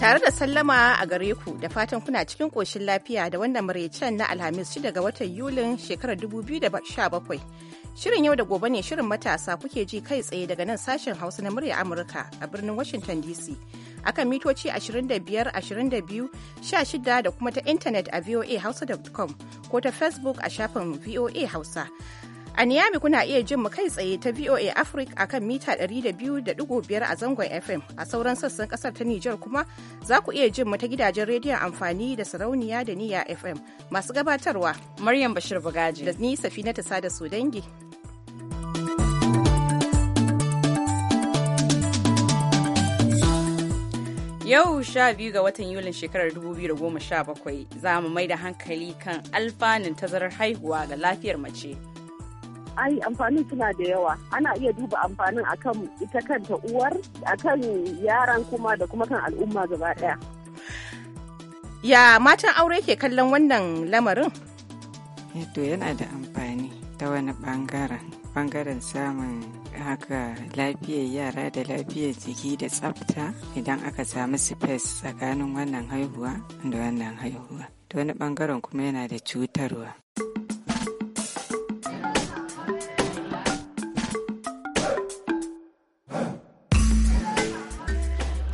Tare da sallama a gare ku da fatan kuna cikin ƙoshin lafiya da wannan maraicen na Alhamis shi daga watan Yulin shekarar 2017. Shirin yau da gobe ne shirin matasa kuke ji kai tsaye daga nan sashen Hausa na murya Amurka a birnin Washington DC. Akan mitoci 25, 22, 16 da kuma ta intanet a voahausa.com ko ta Facebook a shafin VOA Hausa. A Niyami kuna iya jin mu kai tsaye ta VOA Africa a kan mita 200.5 a zangon FM a sauran sassan kasar ta Nijar kuma za ku iya jin mu ta gidajen rediyon amfani da sarauniya da niya FM masu gabatarwa. Maryam Bashir Bugaji. Da ni Safina ta sada su dangi. Yau sha biyu ga watan Yulin shekarar 2017 za mu mai da hankali kan alfanun tazarar haihuwa ga lafiyar mace. ai amfanin suna da yawa ana iya duba amfanin akan ita kanta uwar akan yaran kuma da kuma kan al'umma gaba daya ya matan aure ke kallon wannan lamarin eh, to yana da amfani ta wani bangaren bangaren samun haka lafiyar yara da lafiyar jiki da tsafta idan aka samu space tsakanin wannan haihuwa da wannan haihuwa to wani bangaren kuma yana da cutarwa.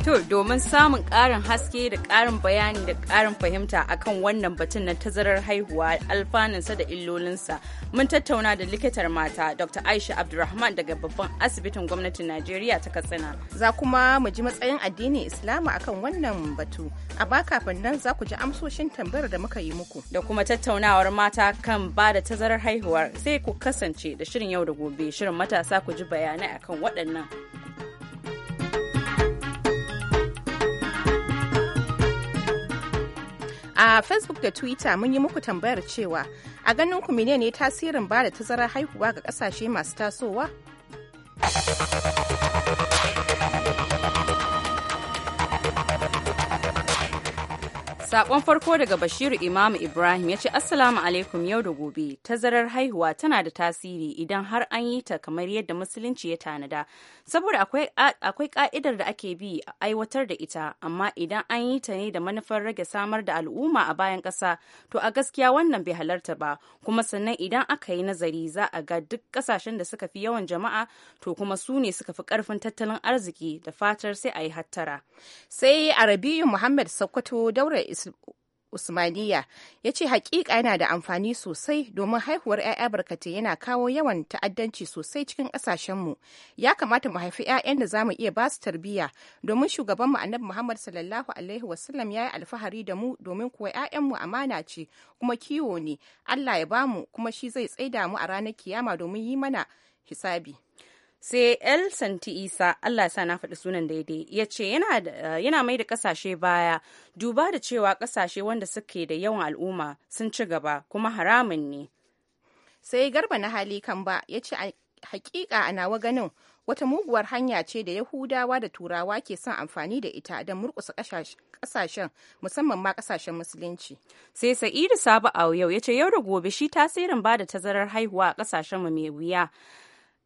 To domin samun ƙarin haske da ƙarin bayani da ƙarin fahimta akan wannan batun na tazarar haihuwa alfanunsa da illolinsa mun tattauna da likitar mata Dr. Aisha Abdulrahman daga babban asibitin gwamnatin Najeriya ta Katsina. Za kuma mu ji matsayin addinin Islama akan wannan batu. A ba kafin nan za ku ji amsoshin tambayar da muka yi muku. Da kuma tattaunawar mata kan ba da tazarar haihuwar sai ku kasance da shirin yau da gobe shirin matasa ku ji bayanai akan waɗannan. a facebook da twitter mun yi muku tambayar cewa a ganin ku ne tasirin ba da tazarar haihuwa ga kasashe masu tasowa Sakon farko daga Bashiru Imam Ibrahim ya ce Assalamu alaikum yau da gobe. Tazarar haihuwa tana da tasiri idan har an yi ta kamar yadda musulunci ya tanada. Saboda akwai ka'idar da ake bi a aiwatar da ita, amma idan an yi ta ne da manufar rage samar da al'umma a bayan ƙasa, to a gaskiya wannan bai halarta ba. Kuma sannan idan aka yi nazari za a ga duk ƙasashen da suka fi yawan jama'a, to kuma su ne suka fi ƙarfin tattalin arziki da fatar sai a yi hattara. Sai Arabiyu Muhammad Sokoto daura Usmaniya ya ce hakika yana da amfani sosai domin haihuwar 'ya'ya barkatai yana kawo yawan ta'addanci sosai cikin ƙasashenmu. Ya kamata mu haifi 'ya'yan da za mu iya basu tarbiyya domin shugabanmu Annabi Muhammad sallallahu alaihi wasallam ya yi alfahari da mu domin kuwa 'ya'yanmu amana ce kuma kiwo ne. Allah ya bamu kuma shi zai tsaida mu a ranar kiyama domin yi mana hisabi. sai el santi isa allah ya sa na faɗi sunan daidai ya ce yana mai da ƙasashe baya duba da cewa ƙasashe wanda suke da yawan al'umma sun ci gaba kuma haramun ne sai garba na hali kan ba ya ce hakika a nawa ganin wata muguwar hanya ce da yahudawa da turawa ke son amfani da ita don murkusa ƙasashen musamman ma ƙasashen musulunci sai sa'idu sabu a yau ya ce yau da gobe shi tasirin ba da tazarar haihuwa a kasashen mu mai wuya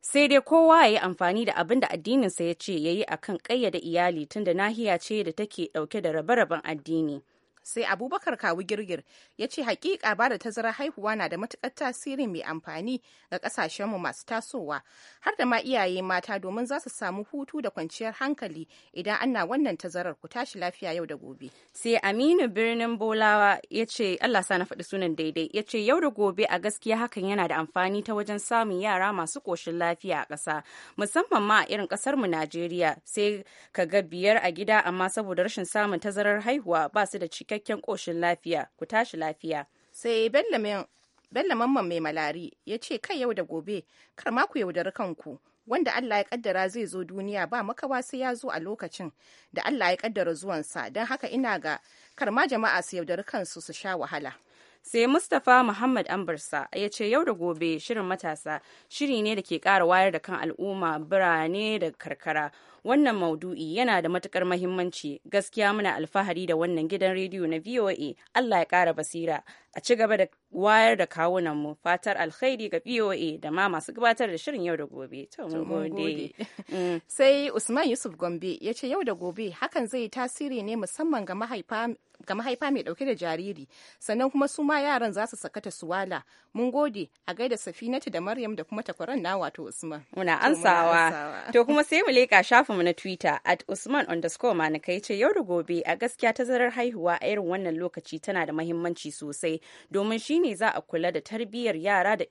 sai dai kowa ya yi amfani da abin da addininsa ya ce ya yi a kan ƙayyade iyali tunda nahiya ce da take ɗauke da rabe-raben addini sai abubakar kawu girgir ya ce hakika ba da tazarar haihuwa na da matukar tasiri mai amfani ga kasashenmu masu tasowa har da ma iyaye mata domin za su samu hutu da kwanciyar hankali idan ana wannan tazarar ku tashi lafiya yau da gobe sai aminu birnin bolawa ya ce allah sa na faɗi sunan daidai ya ce yau da gobe a gaskiya hakan yana da amfani ta wajen samun yara masu ƙoshin lafiya a ƙasa musamman ma a irin ƙasar mu najeriya sai ka ga biyar a gida amma saboda rashin samun tazarar haihuwa ba su da cikakken cikakken ƙoshin lafiya ku tashi lafiya sai bello mamman mai malari ya ce kai yau da gobe kar ma ku yaudari kanku wanda Allah ya kaddara zai zo duniya ba makawa sai ya zo a lokacin da Allah ya kaddara zuwansa don haka ina ga kar ma jama'a su yaudari kansu su sha wahala. sai mustapha muhammad ambarsa ya ce yau da gobe shirin matasa shiri ne da ke ƙara wayar da kan al'umma birane da karkara wannan maudu'i yana da matukar mahimmanci gaskiya muna alfahari da wannan gidan rediyo na voa allah ya kara basira a ci gaba da wayar da kawunan mu fatar alkhairi ga voa da ma masu gabatar da shirin yau da gobe to mun gode mm. sai usman yusuf gombe ya ce yau da gobe hakan zai tasiri ne musamman ga mahaifa ga mahaifa mai dauke da jariri sannan kuma su ma yaran za su sakata suwala mun gode a gaida safinatu da maryam da kuma takwaran na wato usman muna ansawa to kuma sai mu leka shafin shafinmu na Twitter at Usman underscore manaka ce yau da gobe a gaskiya tazarar haihuwa a irin wannan lokaci tana da mahimmanci sosai domin shi ne za a kula da tarbiyyar yara da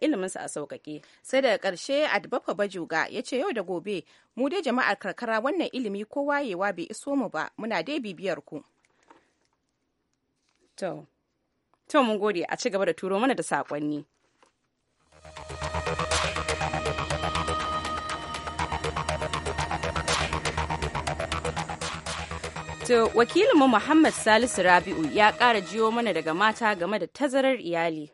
iliminsu a sauƙaƙe. Sai daga ƙarshe Adbafa Bajuga ya ce yau da gobe mu dai jama'ar karkara wannan ilimi ko wayewa bai iso mu ba muna dai bibiyar ku. To, to mun gode a ci gaba da turo mana da sakonni. To wakilinmu Muhammad Salisu Rabi'u ya ƙara jiyo mana daga mata game da tazarar iyali.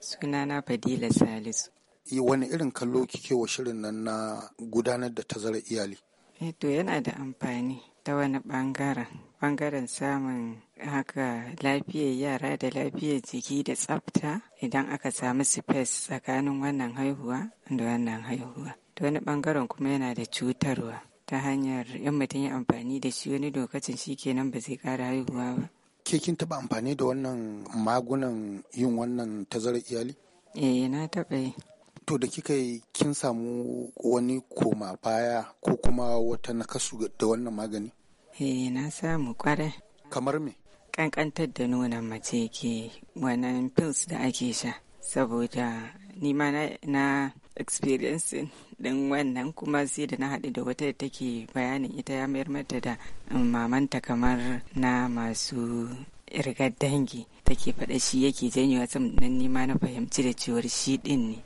Sunana Fadila Salisu. E, wani irin kallo kike wa shirin nan na gudanar da tazarar iyali? E, to yana da amfani ta wani ɓangaren. Ɓangaren samun haka lafiyar yara da lafiyar jiki da tsafta idan aka samu space tsakanin wannan haihuwa da wannan haihuwa. Ta wani ɓangaren kuma yana da cutarwa. ta hanyar yan mutum ya amfani da shi wani lokacin shi kenan ba zai ƙara haihuwa ba. Ke kin taɓa amfani da wannan magunan yin wannan tazarar iyali? Eh na taɓa yi. To da kika yi kin samu wani koma baya ko kuma wata nakasu da wannan magani? Eh na samu kware. Kamar me? Kankantar da nuna mace ke wannan pills da ake sha saboda ni ma na experiencing din wannan kuma sai da na haɗu da wata da take bayanin ita ya mayar mata da mamanta kamar na masu irgar dangi take faɗa shi yake janyo sam nan nima na fahimci da cewar shi ɗin ne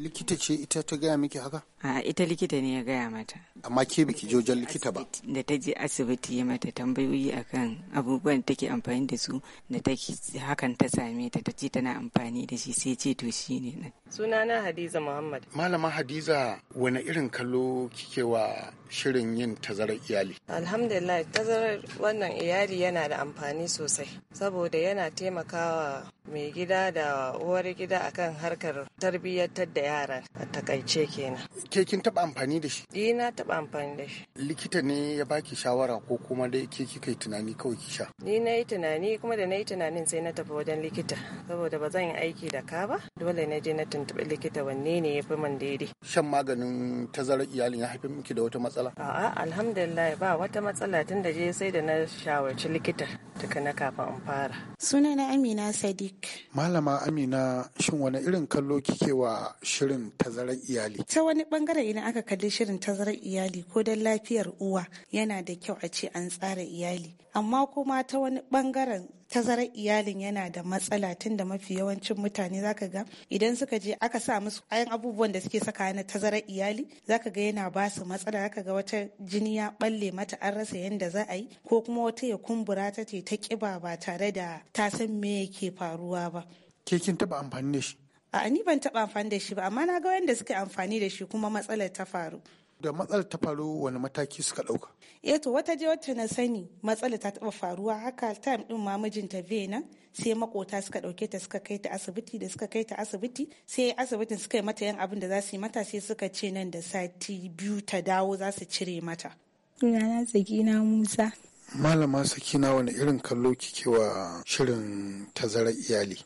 likita ce ita ta gaya miki haka a ita likita ne ya gaya mata amma ke biki je likita ba da ta je asibiti ya mata tambayoyi akan abubuwan take amfani da su da take hakan ta same ta ta ce tana amfani da shi sai ce to shi ne nan sunana hadiza muhammad malama hadiza wani irin kallo kike wa shirin yin tazarar iyali alhamdulillah tazarar wannan iyali yana da amfani sosai saboda yana taimakawa mai gida da uwar gida akan harkar tarbiyyantar da yara a takaice kenan ke kin taba amfani da shi eh na taba amfani da shi likita ne ya baki shawara ko kuma dai ke kika yi tunani kawai ki sha ni na yi tunani kuma da na yi tunanin sai na tafi wajen likita saboda ba zan yi aiki da ka ba dole na je na tuntuɓi likita wanne ne yafi fi man daidai shan maganin tazarar iyalin ya haifi miki da wata matsala a'a alhamdulillah ba wata matsala tun da je sai da na shawarci likita tuka na kafin in fara sunana amina sadiq malama amina shin wani irin kallo kike wa shirin tazarar iyali ta wani bangaren idan aka kalli shirin tazarar iyali ko don lafiyar uwa yana da kyau a ce an tsara iyali amma kuma ta wani bangaren tazarar iyalin yana da matsala tun da mafi yawancin mutane zaka ga idan suka je aka sa musu ayan abubuwan da suke saka na tazarar iyali zaka ga yana ba su matsala zaka ga wata jini ya balle mata an rasa yadda za a yi ko kuma wata ya kumbura ta ce ta kiba ba tare da ta san me yake faruwa ba ke kin taba amfani da shi a ni ban taba amfani da shi ba amma na ga wanda suka amfani da shi kuma matsalar ta faru da matsalar ta faru wani mataki suka ɗauka eh to wata je wacce na sani matsalar ta taba faruwa haka time ɗin ma mijinta nan sai makota suka ɗauke ta suka kai ta asibiti da suka kai ta asibiti sai asibitin suka yi mata yan abin da za su yi mata sai suka ce nan da sati biyu ta dawo za su cire mata sunana sakina musa malama sakina wani irin kallo kike wa shirin tazarar iyali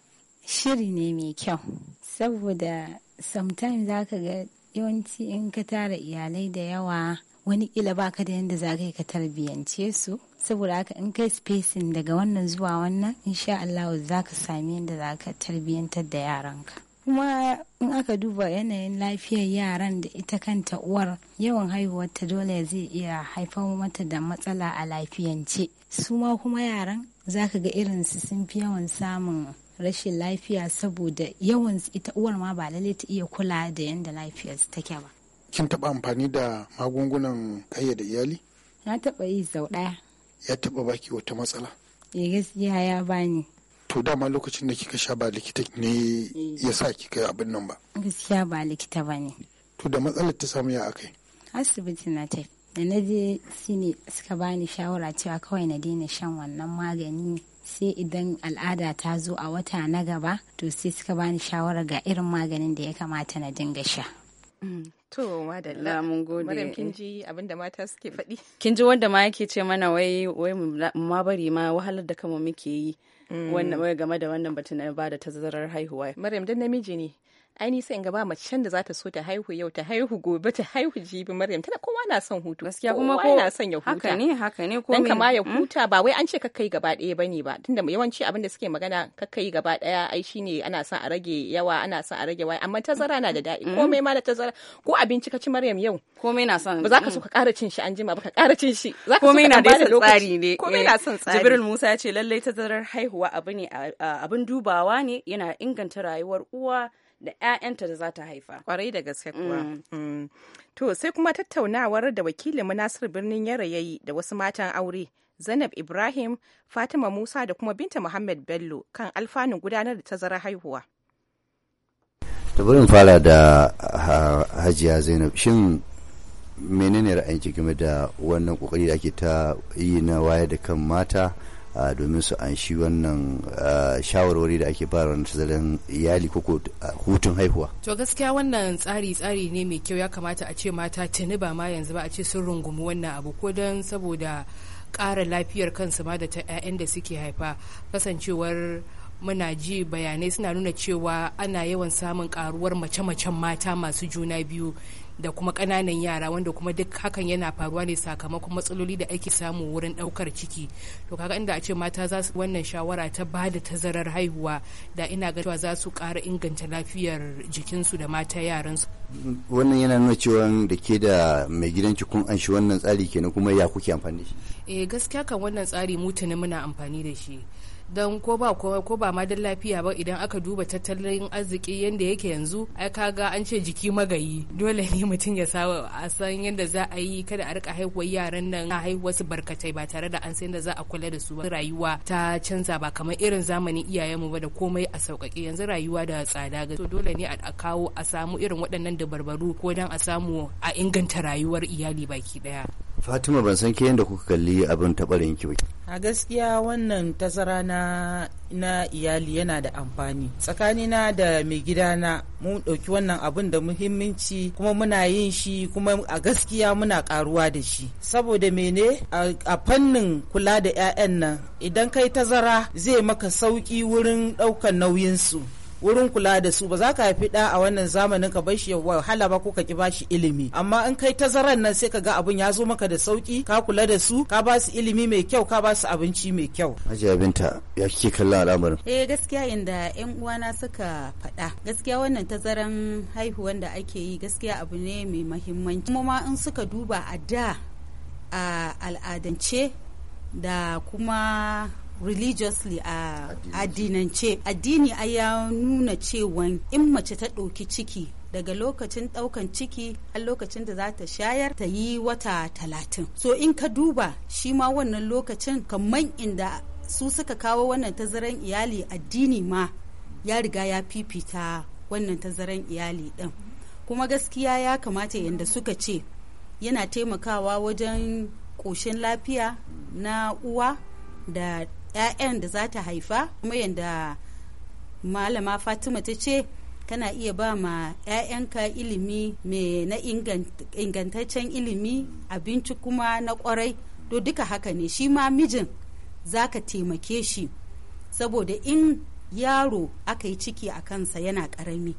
shiri ne mai kyau saboda sometimes za ka ga yawanci in ka tara iyalai da yawa wani kila baka da yadda za ka yi ka tarbiyance su saboda haka in kai spacing daga wannan zuwa wannan insha Allah za ka sami yadda za ka tarbiyantar da yaranka kuma in aka duba yanayin lafiyar yaran da ita kanta uwar yawan haihuwarta dole zai iya haifar mata da matsala a lafiyance su ma kuma yaran za ka ga su sun fi yawan samun rashin lafiya saboda yawan ita uwar ma ba lalle ta iya kula da yanda lafiyar take ba kin taɓa amfani da magungunan kayyade iyali na taɓa yi sau ɗaya ya taɓa baki wata matsala ya eh, gaskiya ya bani to dama lokacin da kika sha ba likita ne eh. ya sa kika abin nan ba gaskiya ba likita ba ne to da matsalar ta samu ya akai asibiti na tafi da na je shine suka bani shawara cewa kawai na daina shan wannan magani sai idan al'ada ta zo a wata na gaba to sai suka bani shawara ga irin maganin da ya kamata na dinga sha mm. To, madalla mun gode. Madam kin ji abin da mata suke faɗi. Kin ji wanda ma yake ce mana wai wai ma bari ma wahalar da kama muke yi. Mm. Wannan wai game da wannan batun na bada tazarar haihuwa. Maryam dan namiji ne. ai ni sai in ga ba macen da za ta so ta haihu yau ta haihu gobe ta haihu jibi maryam tana kowa na son hutu gaskiya kuma kowa na son ya huta haka ne haka ne ko kama ya hmm? huta ba wai an ce kakkai gaba ɗaya bane ba tunda yawanci abin da suke magana kakkai gaba ɗaya ai shine ana son a rage yawa ana son a rage wai amma tazara na da daɗi hmm. komai ma da tazara ko abinci ka ci maryam yau komai na son ba za ka hmm. so ka ƙara cin shi an jima ba ka ƙara cin shi za ka so ka ba da tsari ne komai eh, na son tsari jibril musa ya ce lallai tazarar haihuwa abu ne abin dubawa ne yana inganta rayuwar uwa da 'ya'yanta da za ta haifa kwarai da gaske kuwa mm. Mm. to sai kuma tattaunawar da wakilin munasir birnin yara yayi da wasu matan aure zainab ibrahim fatima musa da kuma binta muhammad bello kan alfanun gudanar da tazarar haihuwa ta burin fara da hajiya zainab shin menene ra'ayin game da wannan kokari da ake ta yi na waye da kan mata Ah, domin su an shi wannan ah, shawarwari da ake fara wani iyali ko ah, hutun haihuwa. To gaskiya wannan tsari tsari ne mai kyau ya kamata a ce mata tuni ba ma yanzu ba a ce sun rungumi wannan abu ko don saboda ƙara lafiyar kansu ma da ta 'ya'yan da suke haifa kasancewar muna ji bayanai suna nuna cewa ana yawan samun karuwar mace-macen mata masu juna biyu da kuma ƙananan yara wanda kuma duk hakan yana faruwa ne sakamakon matsaloli da ake samu wurin ɗaukar ciki to kaga inda a ce mata za su wannan shawara ta ba da tazarar haihuwa da ina ga cewa za su ƙara inganta lafiyar jikinsu da mata yaransu wannan yana nuna cewa da ke da mai gidanki kun an shi wannan tsari kenan kuma ya kuke amfani shi eh gaskiya kan wannan tsari mu tuni muna amfani da shi don ko ba ko ba ma don lafiya ba idan aka duba tattalin arziki yadda yake yanzu ai kaga an ce jiki magayi dole ne mutum ya sawa a san yadda za a yi kada a rika haihuwar yaran nan a haihuwar su barkatai ba tare da an san yadda za a kula da su ba rayuwa ta canza ba kamar irin zamanin iyayenmu ba da komai a sauƙaƙe yanzu rayuwa da tsada ga to dole ne a kawo a samu irin waɗannan barbaru ko don a samu a inganta rayuwar iyali baki daya fatima ban san ke yadda kuka kalli abin taɓarin ki a gaskiya wannan tazara na na iyali yana da amfani tsakanina da mai gidana mun ɗauki wannan abin da muhimmanci kuma muna yin shi kuma a gaskiya muna ƙaruwa da shi saboda mene a fannin kula da 'ya'yan nan idan kai tazara zai maka sauƙi wurin ɗaukan nauyinsu wurin kula da su ba za ka haifi ɗa a wannan zamanin ka bar shi wahala ba ko ka ki bashi ilimi amma in kai tazaran nan sai ka ga abun ya zo maka da sauki ka kula da su ka basu ilimi mai kyau ka basu su abinci mai kyau hajiya binta ya kike kallon al'amarin eh gaskiya inda yan uwana suka faɗa gaskiya wannan tazaran haihuwan da ake yi gaskiya abu ne mai mahimmanci kuma ma in suka duba a da a al'adance da kuma religiously a addinance addini ya nuna cewa in mace ta ɗauki ciki daga lokacin ɗaukan ciki a lokacin da za ta shayar ta yi wata talatin so in ka duba shi ma wannan lokacin kamar inda su suka kawo wannan tazaran iyali addini ma ya riga ya fifita wannan tazaran iyali ɗin kuma gaskiya ya kamata yadda suka ce yana taimakawa wajen ƙoshin lafiya na uwa da 'ya'yan da za ta haifa kuma yadda malama fatima ta ce kana iya ba ma 'ya'yanka ilimi mai na ingantaccen ilimi abinci kuma na kwarai to duka haka ne shi ma mijin za ka taimake shi saboda in yaro aka yi ciki a kansa yana karami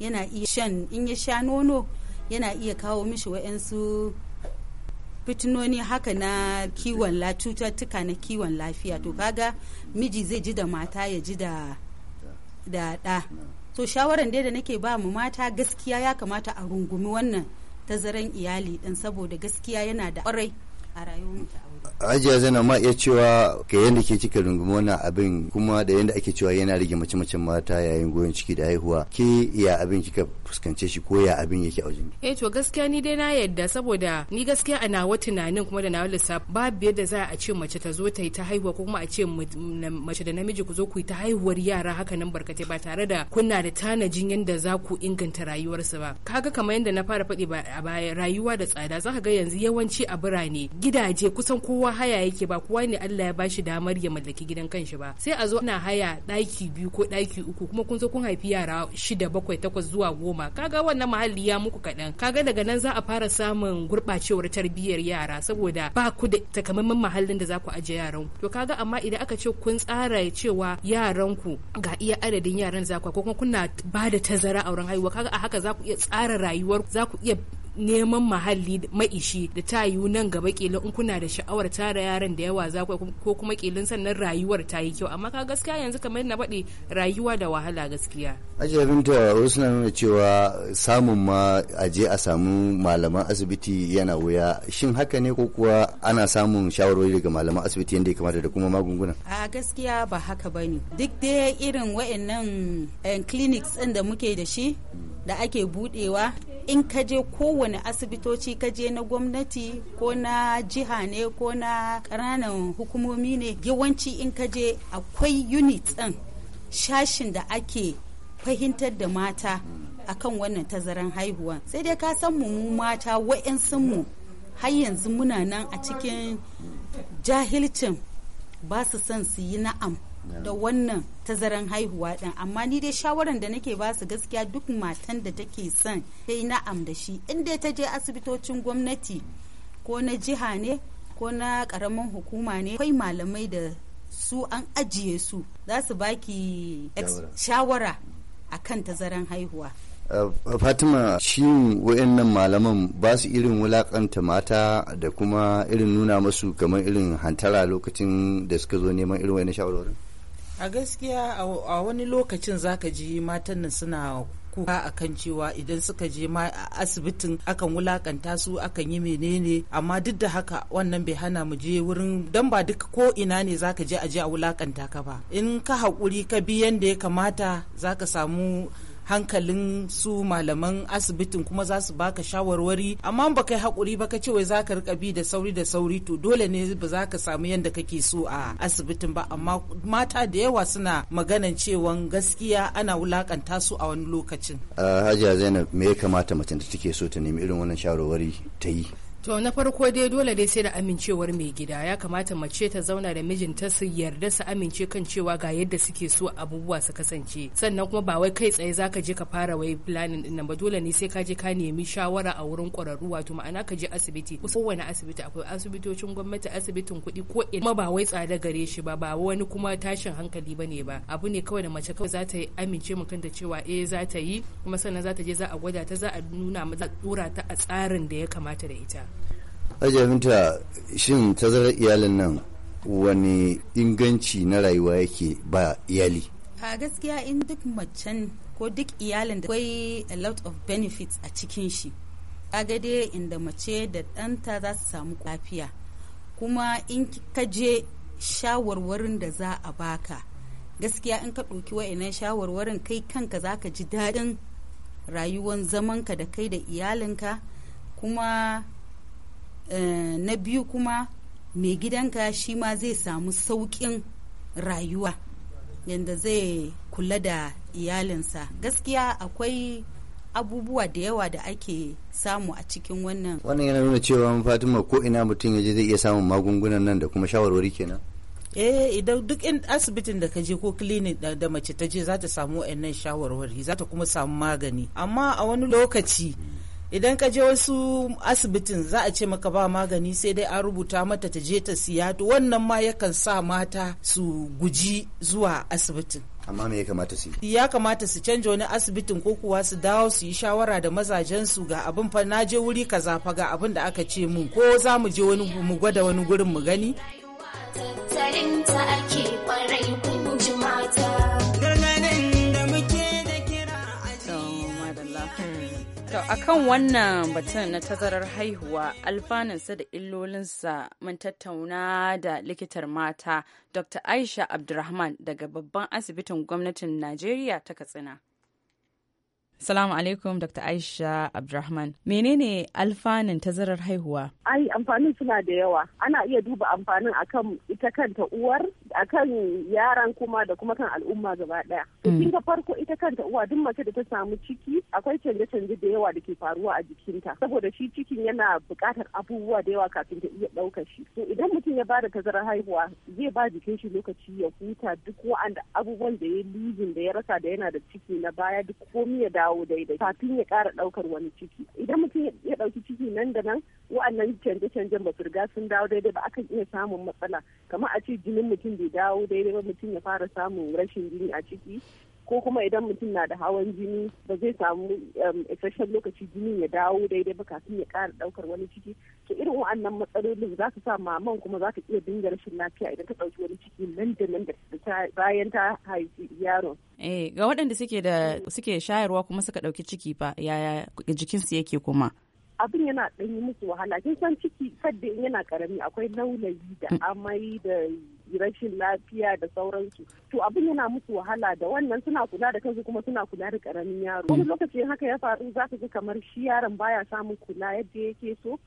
yana iya shan in ya sha nono yana iya kawo mishi wa'yansu fitinoni haka na kiwon la cututtuka na kiwon lafiya to mm. kaga miji zai ji da mata ya ji da da mm. to shawaran dai da nake ba mu mata gaskiya ya kamata a rungumi wannan tazaran iyali ɗin saboda gaskiya yana da ƙwarai a rayuwar ajiya zana ma iya cewa ga yadda ke kika rungumi wannan abin kuma da yadda ake cewa yana rage mace-macen mata yayin goyon ciki da haihuwa ke ya abin kika fuskance shi ko ya abin yake a wajen eh to gaskiya ni dai na yadda saboda ni gaskiya a nawa tunanin kuma da nawa lissafi babu yadda za a ce mace ta zo ta yi ta haihuwa ko kuma a ce mace da namiji ku zo ku yi ta haihuwar yara haka nan barkatai ba tare da kunna da tanajin yadda za ku inganta rayuwarsu ba kaga kamar yadda na fara faɗi a baya rayuwa da tsada za ka ga yanzu yawanci a birane gidaje kusan ko kowa haya yake ba kowa ne Allah ya bashi damar ya mallaki gidan kanshi ba sai a zo ana haya ɗaki biyu ko ɗaki uku kuma kun zo kun haifi yara shida bakwai takwas zuwa goma kaga wannan mahalli ya muku kaɗan kaga daga nan za a fara samun gurɓacewar tarbiyyar yara saboda ba ku da takamaiman mahallin da za ku ajiye yaran to kaga amma idan aka ce kun tsara cewa yaran ku ga iya adadin yaran za ku ko kuma kuna ba da tazara a wurin haihuwa kaga a haka za ku iya tsara rayuwar za ku iya neman mahalli maishi da ta yiwu nan gaba kila in kuna da sha'awar tara yaran da yawa za ko kuma kilin sannan rayuwar ta yi kyau amma ka gaskiya yanzu kamar na faɗi rayuwa da wahala gaskiya. Ajiyar Binta wasu na nuna cewa samun ma a je a samu malaman asibiti yana wuya shin haka ne ko kuwa ana samun shawarwari daga malaman asibiti yadda ya kamata da kuma magunguna. A gaskiya ba haka ba ne duk dai irin wa'annan eh, clinics ɗin da muke da shi da ake budewa in ka je kowane asibitoci ka je na gwamnati ko na jiha ne ko na ƙananan hukumomi ne yawanci in ka je akwai unit ɗin shashin da ake fahimtar da mata a kan wannan tazaran haihuwa sai dai ka san mu mata mu har yanzu muna nan a cikin jahilcin ba su son su yi na'am da wannan tazaran haihuwa din amma ni dai shawaran da nake ba su gaskiya duk matan da take son ta yi na'am da shi in dai ta je asibitocin gwamnati ko na jiha ne ko na karamin hukuma ne akwai malamai da su an ajiye su za su baki shawara akan tazaran haihuwa uh, fatima shi wa'annan malaman ba su irin wulakanta mata da kuma irin nuna masu kamar irin hantara lokacin da suka zo neman irin wa'annan shawarwarin a gaskiya a wani lokacin zaka ji matan nan suna kuka akan cewa idan suka je ma asibitin akan wulakanta su akan yi menene amma duk da haka wannan bai hana mu je wurin dan ba duk ko ina ne zaka je a je a wulakanta ka ba in ka haƙuri ka bi yanda ya kamata zaka samu hankalin su malaman asibitin kuma za su baka shawarwari amma ba kai hakuri ba ka ce wai zaka rika bi da sauri da sauri to dole ne ba za ka samu yadda kake so a asibitin ba amma mata da yawa suna maganan cewan gaskiya ana wulakanta su a wani lokacin uh, hajiya zainab me ya kamata mace da take so ta nemi irin wannan shawarwari ta yi To na farko dai dole dai sai da amincewar mai gida ya kamata mace ta zauna da mijinta su yarda su amince kan cewa ga yadda suke so abubuwa su kasance sannan kuma ba wai kai tsaye zaka je ka fara wai planning din nan ba dole ne sai ka je ka nemi shawara a wurin ƙwararru wato ma'ana ka je asibiti kowane asibiti akwai asibitocin gwamnati asibitin kuɗi ko ina ba wai tsada gare shi ba ba wani kuma tashin hankali bane ba abu ne kawai da mace kawai zata yi amince mu kanta cewa eh zata yi kuma sannan za je za a gwada ta za a nuna za a dora ta a tsarin da ya kamata da ita Binta shin tazarar iyalin nan wani inganci na rayuwa yake ba iyali? A gaskiya in duk macen ko duk iyalin da akwai a lot of benefits a cikin shi. Kaga dai inda mace da ɗanta za su samu lafiya. Kuma in ka je shawarwarin da za a baka gaskiya in ka ɗauki wa'inan shawarwarin kai kanka za ka ji daɗin rayuwan zamanka da kai da iyalinka kuma Eh, na biyu kuma mai gidanka shi ma zai samu saukin rayuwa yadda zai kula da iyalinsa gaskiya akwai abubuwa da yawa da ake samu a cikin wannan wannan yana nuna cewa fatima ko ina mutum ya zai iya samun magungunan nan da kuma shawarwari kenan eh idan duk asibitin da ka je ko clinic da mace ta je za ta samu wa'annan shawarwari za ta kuma samu magani amma a wani lokaci idan ka je wasu asibitin za a ce maka ba magani sai dai an rubuta mata ta je ta siya to wannan ma yakan sa mata su guji zuwa asibitin amma me ya kamata su yi ya kamata su canja wani asibitin ko kuwa su dawo su yi shawara da mazajen su ga abin fa na je wuri kaza fa ga abin da aka ce mun ko za mu je wani mu gwada wani gurin mu gani ta ake kwarai kun ji mata a kan wannan batun na tazarar haihuwa alfanunsa da illolinsa mun tattauna da likitar mata Dr. Aisha Abdulrahman daga babban asibitin gwamnatin Najeriya ta Katsina. Salamu alaikum Dr. Aisha Abdulrahman. Menene alfanun tazarar haihuwa? Ai amfanin suna da yawa. Ana iya duba amfanin akan ita kanta uwar, akan yaran kuma da kuma kan al'umma gaba daya. Hmm. Kin ga farko ita kanta uwa duk mace da ta samu ciki akwai canje-canje da yawa da ke faruwa a jikinta. Saboda shi cikin yana buƙatar abubuwa da yawa kafin ta iya ɗaukar shi. To idan mutum ya bada tazarar haihuwa zai ba jikin shi lokaci ya huta duk wa'anda abubuwan da ya lizin da ya rasa da yana da ciki na baya duk komai ya dawo dawo daidai kafin ya kara ɗaukar wani ciki idan mutum ya ɗauki ciki nan da nan wa'annan canje-canjen ba su riga sun dawo daidai ba akan iya samun matsala kamar a ce jinin mutum bai dawo daidai ba mutum ya fara samun rashin jini a ciki ko kuma idan mutum na da hawan jini ba zai samu um, isasshen lokaci jini ya dawo daidai ba kafin ya kara ɗaukar wani ciki to irin wa'annan matsalolin za su sa maman kuma za ka iya dinga rashin lafiya idan ta ɗauki wani ciki nan da nan da bayan ta haifi yaron. Eh ga waɗanda suke da suke shayarwa kuma suka ɗauki ciki ba yaya jikinsu yake kuma. abin yana ɗanyi musu wahala kin san ciki sadda in yana karami akwai laulayi da mm. amai da rashin lafiya da sauransu to abin yana musu wahala da wannan suna kula da kansu kuma suna kula da karamin yaro wani mm. lokaci haka ya faru za ka ji kamar shi yaron baya samun kula yadda yake so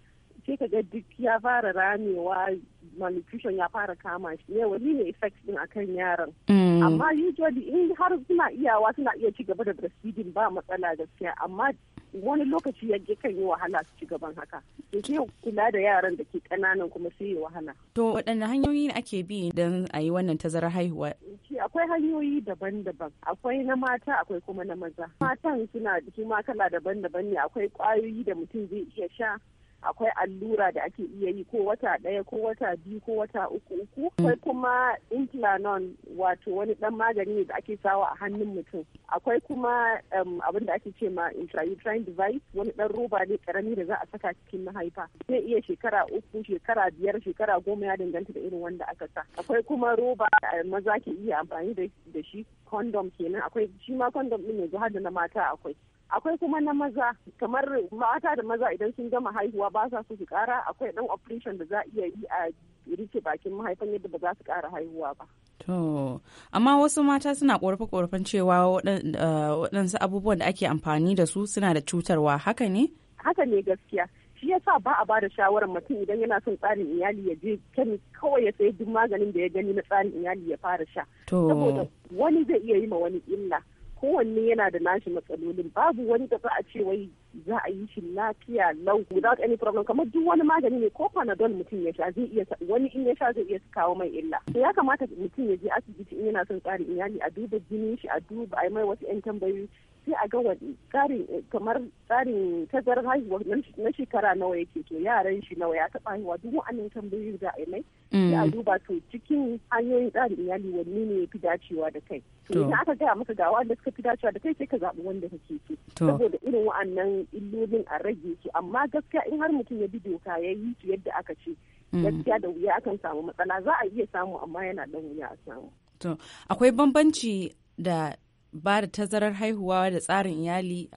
sai ka ga duk ya fara ramewa malnutrition ya fara kama shi ne wani ne effect din akan yaran mm. amma usually in har suna iyawa suna iya ci gaba da breastfeeding ba matsala gaskiya amma wani lokaci ya kan yi wahala su ci gaban haka to sai kula da yaran da ke kananan kuma sai yi wahala to waɗanne hanyoyi ne ake bi don a yi wannan tazarar haihuwa akwai hanyoyi daban-daban akwai na mata akwai kuma na maza matan suna da kala daban-daban ne akwai kwayoyi da mutum zai iya sha akwai allura da ake iya yi ko wata ɗaya ko wata biyu ko wata uku uku mm. akwai kuma implanon wato wani ɗan magani ne da ake sawa a hannun mutum akwai kuma um, abin da ake ce ma intrauterine device wani ɗan roba ne karami da za a saka cikin mahaifa zai iya shekara uku shekara biyar shekara goma ya danganta da irin wanda aka sa akwai kuma roba maza ke iya amfani da shi condom kenan akwai shi ma condom ɗin yanzu har da na mata akwai akwai kuma na maza kamar mata da maza idan sun gama haihuwa ba sa su su kara akwai dan operation da za a iya yi a rike bakin mahaifan yadda ba za su kara haihuwa ba To, amma wasu mata suna korafe-korafen cewa eh, waɗansu abubuwan da ake amfani da su suna da cutarwa haka ne? Haka ne gaskiya. Shi yasa ba a ba da shawarar mutum idan yana son tsarin iyali ya je kemis kawai ya sayi duk maganin da ya gani na tsarin iyali ya fara sha. To. Saboda wani zai iya yi ma wani illa. kowanne yana da nashi matsalolin babu wani da za a ce wai za a yi shi lafiya lau without any problem kamar duk wani magani ne ko panadol mutum ya sha zai iya wani in ya sha zai iya kawo mai illa to ya kamata mutum ya je asibiti in yana son tsarin iyali a duba jinin shi a duba a mai wasu yan tambayoyi sai a ga wani tsarin eh, kamar tsarin tazarar haihuwa na shekara nawa yake to yaran shi nawa ya taɓa haihuwa duk wa'annan tambayoyi da a mai mm. a duba to cikin hanyoyin tsarin iyali wanne ne ya fi dacewa da kai to idan aka gaya maka ga wanda suka fi dacewa da kai sai ka zaɓi wanda kake so saboda irin wa'annan illolin a rage su amma gaskiya in har mutum ya bi doka ya yi su yadda aka ce mm. gaskiya da wuya akan samu matsala za a iya samu amma yana dan wuya a samu to akwai bambanci da ba da tazarar haihuwa da tsarin iyali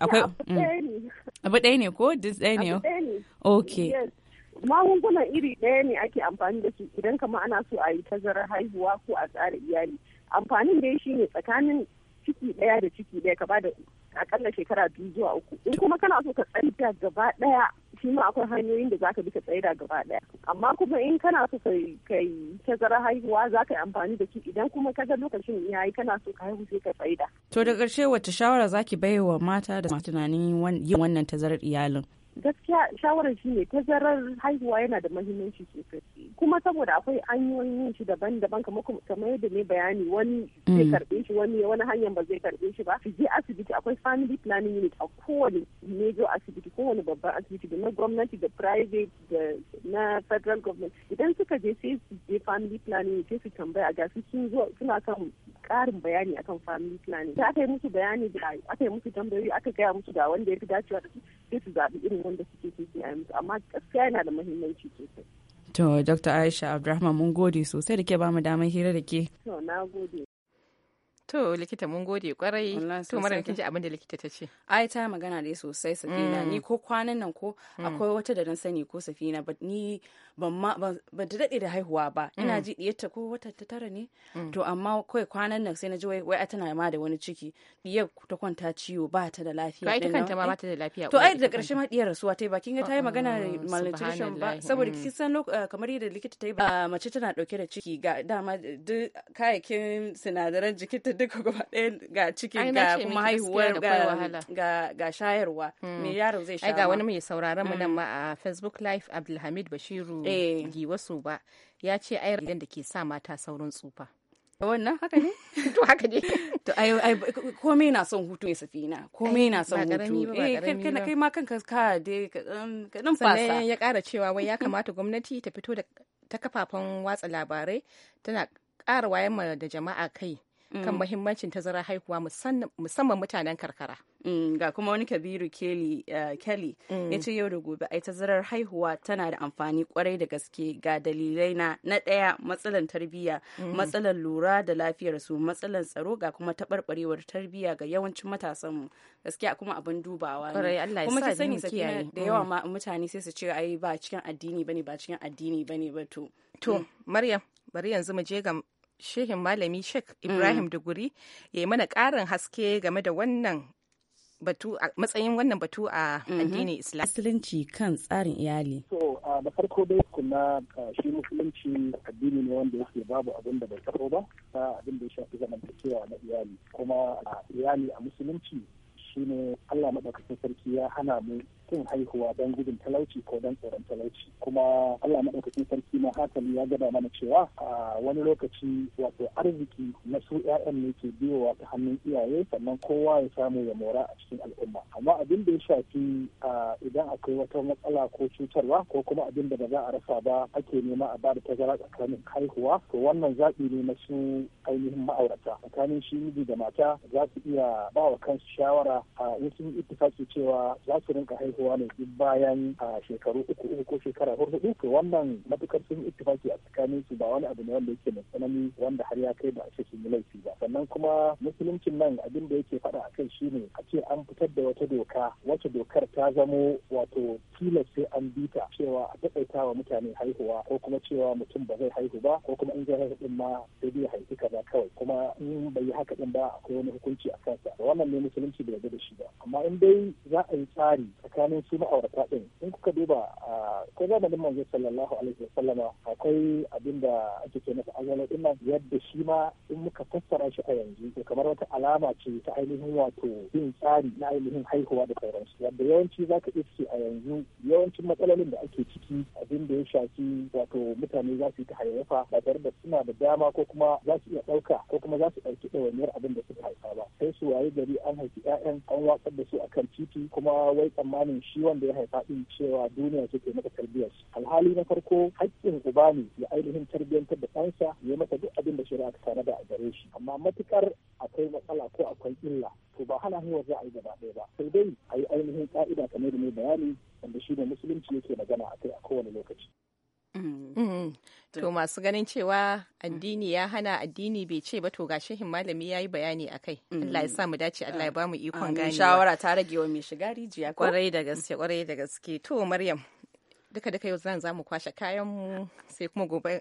akwai mm. abu ɗaya ne ko duk ɗaya ne ok magungunan iri ɗaya ne ake amfani da su idan kama ana so a yi tazarar haihuwa ko a tsara iyali amfanin dai ne tsakanin ciki ɗaya da ciki ɗaya ka ba da akalla shekara biyu zuwa uku in kuma kana so ka tsanta gaba ɗaya shi ma akwai hanyoyin da zaka bi ka tsaida gaba daya amma kuma in kana so kai tazara haihuwa zaka yi amfani da shi idan kuma ka ga lokacin ya yi kana so ka haihu sai ka tsaida to da karshe wacce shawara zaki bai wa mata da tunanin yin wannan tazarar iyalin gaskiya shawarar shi ne tazarar haihuwa yana da mahimmanci sosai kuma saboda akwai hanyoyin yin shi daban-daban kamar yadda ne bayani wani zai mm. karbe shi wani wani hanyar ba zai karbe shi ba je asibiti akwai family planning unit a kowane major asibiti kowane babban asibiti da na gwamnati da private da na federal government idan suka je sai su je family planning unit sai su tambaya ga su sun zo suna kan karin bayani akan family planning sai aka yi musu bayani da aka yi musu tambayoyi aka gaya musu da wanda ya fi dacewa da su sai su zaɓi irin wanda suke so a yanzu amma gaskiya yana da muhimmanci sosai. To Dr. Aisha Abdulrahman mun gode sosai da ke bamu damar hira da ke. To na gode. To likita mun gode kwarai. To mara kin ji abin da likita ta ce. Ai ta magana dai sosai Safina mm. ni ko kwanan nan ko mm. akwai wata da na sani ko Safina ba ni ban ma ba da dade da haihuwa ba. Mm. Ina ji diyarta ko wata ta tara ne. To amma kai kwanan nan sai na ji wai wai tana ma da wani ciki. Diyar ta kwanta ciwo ba ta da lafiya. To ai ta kanta ma eh? ba ta da lafiya. To ai da karshe ma diyar rasuwa ta yi ba kin ga ta yi magana malnutrition ba saboda kin san eh, kamar yadda likita ta yi ba mace tana dauke da ciki ga dama duk kayakin sinadaran jikinta duka gaba ɗaya ga ciki ga kuma haihuwar ga shayarwa me hmm. yaron zai sha ga wani mai sauraron mu nan mm. ma a facebook live abdulhamid bashiru eh. giwasu ba ya ce ai idan da ke sa mata saurin tsufa wannan haka ne to haka ne to ai komai na son hutu ne safina komai na son hutu eh kai kai ma kanka ka dai ka dan fasa sannan ya kara cewa wai ya mm. kamata gwamnati ta fito da ta kafafen watsa labarai tana ƙara wayar da jama'a kai kan mm. muhimmancin tazarar haihuwa musamman mutanen karkara. Mm, ga kuma wani Kabiru Kelly eh, mm. ya ce yau da gobe ai tazarar haihuwa tana da amfani kwarai da gaske ga dalilai na na ɗaya matsalan tarbiyya, matsalan lura da lafiyar su, matsalan tsaro ga kuma taɓarɓarewar tarbiyya ga yawancin matasanmu. Gaskiya kuma abin dubawa ne. Kuma ki sani sakina da yawa ma mutane sai su ce ai ba cikin addini bane ba cikin addini bane ba to. To, Maryam, bari yanzu mu je ga shehin malami Sheikh mm. Ibrahim Duguri ya yi mana ƙarin haske game da wannan batu matsayin wannan batu a mm-hmm. addinin Islam. Musulunci kan tsarin iyali. So da farko dai kuna shi musulunci addini ne wanda yake babu abin da bai taɓo ba ta abin da ya shafi zamantakewa na iyali kuma iyali a musulunci shine Allah maɗaukakin sarki ya hana mu kin haihuwa don gudun talauci ko don tsoron talauci kuma Allah maɗaukacin sarki na hakali ya gada mana cewa a wani lokaci wato arziki na su 'ya'yan ne ke biyowa ta hannun iyaye sannan kowa ya samu ya mora a cikin al'umma amma abin da ya shafi idan akwai wata matsala ko cutarwa ko kuma abin da ba za a rasa ba ake nema a bada tazara tsakanin haihuwa to wannan zaɓi ne na su ainihin ma'aurata tsakanin shi miji da mata za su iya ba wa kansu shawara a in sun ittifaki cewa za su rinka haihuwa fitowa ne duk bayan a shekaru uku uku ko shekara hudu to wannan matukar sun ittifaki a tsakanin su ba wani abu ne wanda yake mai tsanani wanda har ya kai ba a ce sun yi laifi ba sannan kuma musuluncin nan abin da yake faɗa a kai shi ne a ce an fitar da wata doka wacce dokar ta zamo wato tilas sai an bi ta cewa a taƙaita wa mutane haihuwa ko kuma cewa mutum ba zai haihu ba ko kuma in zai haihu ma sai dai haifi kaza kawai kuma in bai yi haka din ba akwai wani hukunci a kansa wannan ne musulunci bai yarda da shi ba amma in dai za a yi tsari tsakanin tsakanin su ma'aurata ɗin in kuka duba ko zamanin manzo sallallahu alaihi wasallama akwai abin da ake ce masa azalo ina yadda shi ma in muka fassara shi a yanzu to kamar wata alama ce ta ainihin wato bin tsari na ainihin haihuwa da sauransu yadda yawanci zaka iske a yanzu yawancin matsalolin da ake ciki abin da ya shafi wato mutane za su yi ta hayayyafa ba tare da suna da dama ko kuma za su iya ɗauka ko kuma za su ɗauki ɗawainiyar abin da suka haifa ba sai su waye gari an haifi 'ya'yan an watsar da su akan titi kuma wai tsammanin tsammanin shi wanda ya haifa din cewa duniya take mata tarbiyyar alhali na farko haƙƙin uba ne ya ainihin tarbiyyantar da ɗansa ya mata duk abin da shari'a ta tanada a gare shi amma matukar akwai matsala ko akwai illa to ba hana hanyar za a yi gaba ɗaya ba sai dai a yi ainihin ƙa'ida kamar da mai bayani wanda shi ne musulunci yake magana a kai a kowane lokaci. Mm. Mm-hmm. To masu ganin cewa mm. addini ya hana addini bai ce ba to gashi malami ya yi bayani a kai. Mm. Allah ya sa mu dace Allah ya ba mu ikon gani. Shawara ta rage wa mai shiga rijiya ko? Kwarai da gaske, kwarai da gaske. To Maryam, duka duka yau zan zamu kwashe kayan mu sai kuma gobe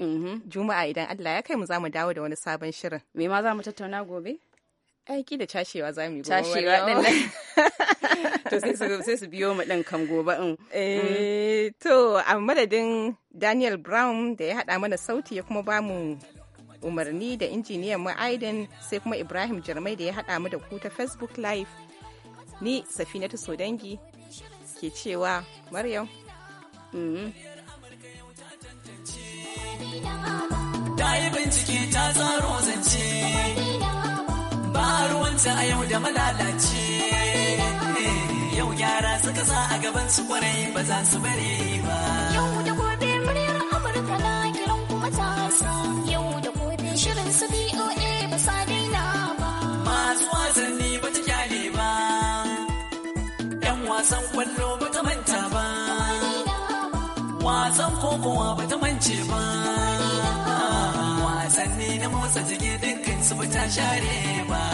mm-hmm. Juma'a idan Allah ya kai mu zamu dawo da wani sabon shirin. Me ma zamu tattauna gobe? Aiki da cashewa zamu yi gobe. Cashewa to sai su biyo mu ɗan kan gobe in. Eh, to a madadin Daniel Brown da ya haɗa mana sauti ya kuma ba mu umarni da injiniyan mu Aiden sai kuma Ibrahim Jarmai da ya haɗa mu da ku ta Facebook Live. Ni Safina ta Sodangi ke cewa Maryam. Mm-hmm. Ta yi bincike ta zaro zance, ba ruwanta a yau da malalace. yau yara suka sa a gaban su kwarai ba za su bare ba. Yau da gobe muryar Amurka na kiran kuma matasa. Yau da gobe shirin su BOA ba sa daina ba. Masu wasanni ba ta kyale ba. Yan wasan kwallo ba ta manta ba. Wasan kokowa ba ta mance ba. Wasanni na motsa jiki dukkan su ba ta share ba.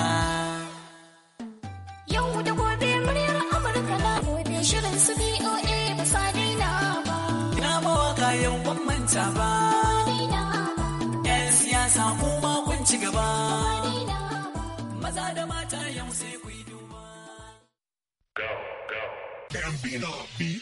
Gambino. B-O.